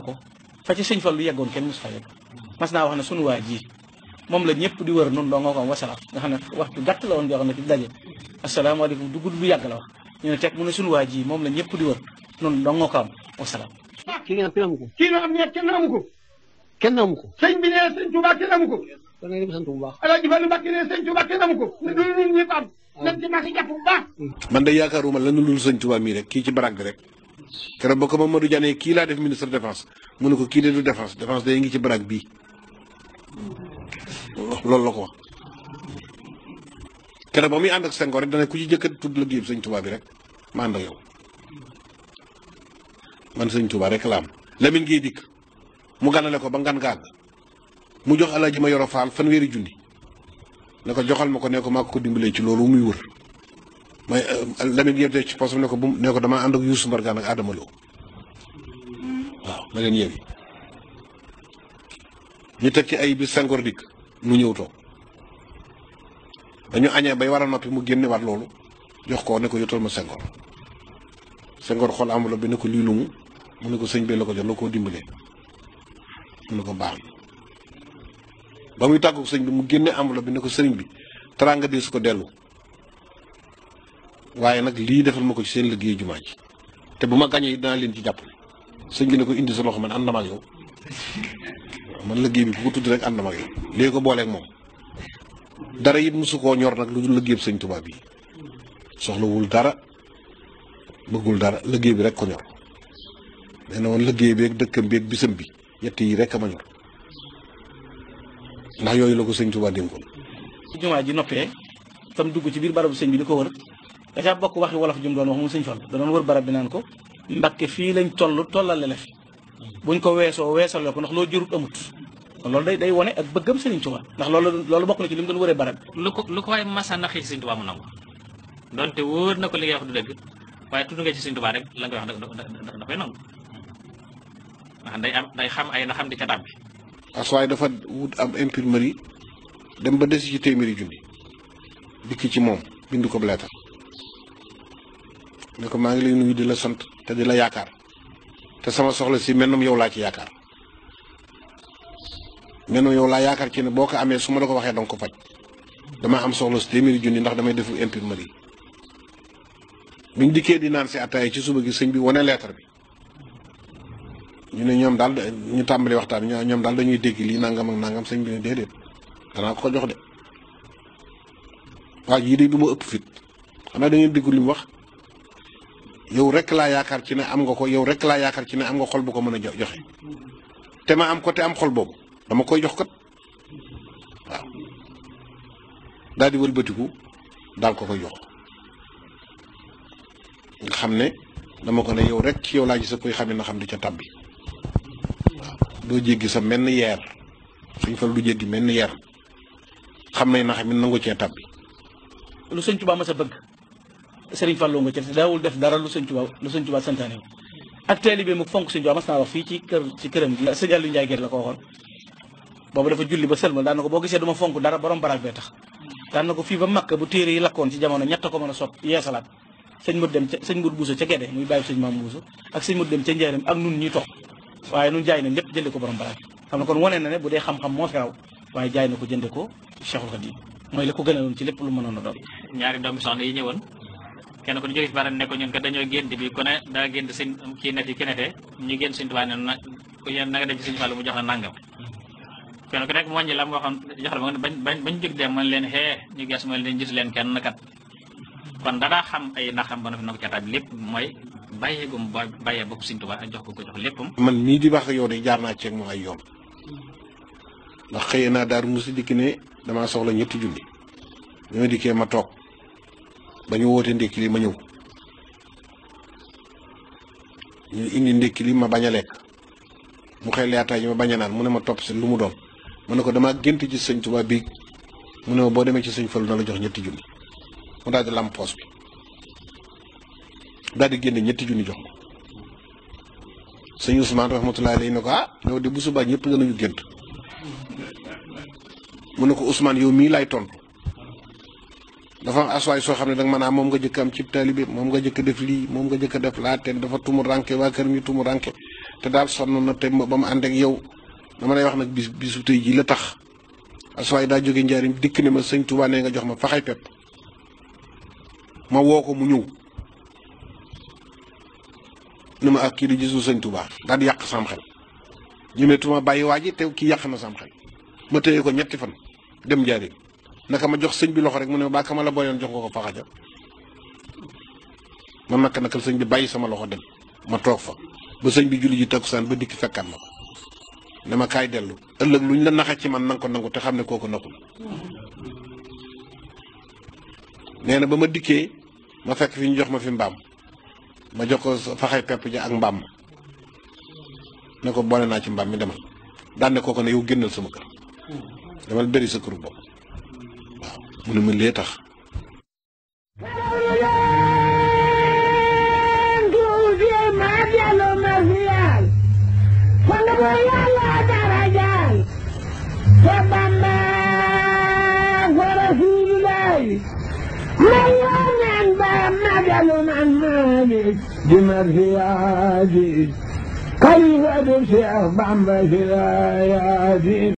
ko fa ci sëñ Fallu yeggoon kenn mos fa yegg mas naa wax ne sunu waa la ñëpp di wër noonu doo nga ko am wasalaam nga xam ne waxtu gàtt la woon yoo ne ci daje asalaamaaleykum du gudd la wax ñu ne teg mu ne ji moom la ñëpp di wër noonu doo nga ko am wasalaam kii nga am kenn a ko kii nga kenn amu ko kenn amu ko sëñ bi nee sëñ Tuubaa kenn a ko kon nag di ko sant bu baax Alaaji Fallu Mbàkke nee sëñ dul ñun ñëpp am nañ ci ma si jàpp bu baax mm. man de yaakaaruma lan lu sëñ Tuubaa mii rek kii ci barag bi rek keroog ba ko Mamadou Diané kii laa def ministre défense mu ne ko kii de du défense défense day ngi ci baraag bii oh, loolu la ko wax. keroog ba muy ànd ak Senghor rek dana ku ci jëkk tudd la géeb sëñ Touba bi rek ma ànd ak yow man sëñ Touba rek la am Lamine Gueye dikk mu gànnale ko ba ngan gaag mu jox alaaji ma yoro faal fanweeri junni ne ko joxal ma ko ne ko maa ko dimbalee ci loolu muy wër. mooy euh, Lamine yëpp ci poosam ne ko bu ne ko damaa ànd ak Youssou Mbargane ak Adama Lo waaw na leen yëpp ñu teg ci ay bi Senghor dikk mu ñëw toog dañu añee bay war a noppi mu génne waat loolu jox ko ne ko yotal ma Senghor Senghor xool enveloppe bi ne ko lii lu mu ne ko sëñ bi la ko jox la koo dimbalee mu ne ko baax ba muy tàggu sëñ bi mu génne amulo bi ne ko sëriñ bi teraanga di su ko dellu waaye nag lii defal ma ko ci seen liggéey jumaa ji te bu ma yi dinaa leen ci jàppale sëñ bi ne ko indi sa loxo man ànd na ma ak yow man liggéey bi bu ko tudd rek ànd na ma ak yow léegi it mosu ñor nag lu dul liggéey bi sëñ dara bëggul dara liggéey bi rek ko ñor nee na woon liggéey bi ak dëkkam bi ak bisam bi ñett yi rek a ma ñor ndax yooyu la ko sëñ Tuubaa dénkoon. jumaa ji noppee tam dugg ci biir barabu sëñ bi di ko wër. da caa bokk waxi wolof jum doon wax moom sëñ Fallu da doon wër barab bi naan ko Mbàkke fii lañ toll tollale la fi buñ ko weesoo weesale ko ndax loo jurut amut loolu day day wone ak bëggam Sëriñ Tuubaa ndax loolu loolu bokk na ci li mu doon wëree barab bi. lu ko lu ko waaye masa naxee ci Sëriñ Tuubaa mu nangu na ko li ngay wax du dëgg waaye tudd nga ci Sëriñ Tuubaa rek la nga wax da da koy nangu ndax day am day xam ay na xam di ca tàbbi. waaye dafa wut am imprimerie dem ba des ci téeméeri junni dikk ci moom bind ko bu leetar ne ko maa ngi lay nuyu di la sant te di la yaakaar te sama soxla si mennum yow laa ci yaakaar mennum yow laa yaakaar ci ne boo ko amee su ma la ko waxee danga ko faj damaa am soxla si téeméeri junni ndax damay defu imprimerie biñ dikkee di naan si ataay ci suba gi sëñ bi wane lettre bi ñu ne ñoom daal ñu tàmbali waxtaan ñoom daal dañuy dégg lii nangam ak nangam sëñ bi ne déedéet danaa ko jox de waa jii de du ma ëpp fit xanaa da ngeen déggu li wax yow rek laa yaakaar ci ne am nga ko yow rek laa yaakaar ci ne am nga xol bu ko mën a joxe te ma am ko te am xol boobu dama koy jox kat waaw daal di wëlbatiku daal ko koy jox nga xam ne dama ko ne yow rek ci yow laa gis koy xam ne na xam di ca tàbbi waaw doo jéggi sa menn yeer suñ fal du jéggi menn yeer xam nañ na xam nangu cee tàbbi Serigne Fallou nga ci daawul def dara lu Serigne Touba lu Serigne Touba santaane ak taalibe mu fonk Serigne Touba mas naa wax fii ci kër ci këram gi Serigne Aliou Ndiaye Guèye la ko waxoon boobu dafa julli ba sëlmal daan na ko boo gisee duma fonk dara borom baraag bee tax daan na ko fii ba makka bu téere yi lakkoon ci jamono ñett ko mën a sopp yeesalaat sëñ mut dem sëñ mut buusa ca Gede muy bàyyi sëñ maam buusa ak sëñ mut dem ca njaarem ak nun ñuy toog waaye nun jaay na lépp jënde ko borom baraag xam na kon wane na ne bu dee xam-xam moo fi raw waaye jaay na ko jënde ko Cheikhul Khadim mooy la ko gënaloon ci lépp lu mënoon a doon ñaari doomi soxna yi ñëwoon kenn ko ñu jóge ci barab ne ko ñun kat dañoo gént bi ku ne daa gént sëñ kii net yi kenete ñu gént sëñ Tuubaa ne na yéen na nga dem ci sëñ jox la nangam kenn ku nekk mu la moo xam jox la ma bañ bañ bañ dem man leen xee ñu ges man leen gis leen kenn kat kon danaa xam ay naxam ba na fi na ko cataab lépp mooy bàyyee gum ba bàyyee bopp sëñ Tuubaa ak jox ko ko jox léppam man nii di wax ak yow jaar naa ceeg moom ay yoon ndax xëyee naa daaru musi dikki ne dama soxla ñetti junni bi ma dikkee ma toog ba ñu wootee ndékki li ma ñëw ñu indi ndékki li ma bañ a lekk mu xel yaataay yi ma bañ naan mu ne ma topp si lu mu doon mu ne ko damaa gént ci sëñ Tuubaa bii mu ne ma boo demee ci sëñ Fallu na la jox ñetti junni mu daal di poos bi daal génne ñetti junni jox ko sëñ Ousmane rahmatullahi alayhi ne ko ah yow de bu subaa ñëpp danañu gént mu ne ko Ousmane yow mii lay ton dafa am aswaay soo xam ne nag maanaam moom nga jëkk am cib taalibe moom nga jëkk def lii moom nga jëkk def laa te dafa tumu ranke waa kër mi tumu ranke te daal sonn na te ba mu ànd ak yow dama lay wax nag bis bisu tey ji la tax aswaay daa jóge njaarim dikk ni ma sëñ Tuubaa nee nga jox ma faxay pepp ma woo ko mu ñëw ni ma ak ah, kii di gisul sëñ Tuubaa daal di yàq sam xel ñemeetuma bàyyi waa ji te kii yàq na sam xel ma téye ko ñetti fan dem njaarim naka ma jox sëñ bi loxo rek mu ne ma baa ma la booyoon jox nga ko faxaja man naka naka sëñ bi bàyyi sama loxo dem ma toog fa ba sëñ bi julli ji takkusaan ba dikki fekkaat ma ko ne ma kaay dellu ëllëg lu la naxa ci man nanga ko te xam ne kooku naxul nee na ba ma dikkee ma fekk fi ñu jox ma fi mbaam ma jox ko faxay pepp ja ak mbaam ma ne ko boole naa ci mbaam mi demal daan ne kooku ne yow génnal sama kër demal bëri sa bopp mu ne ma lee tax بمرفياتي قريبة الشيخ بامبا سلاياتي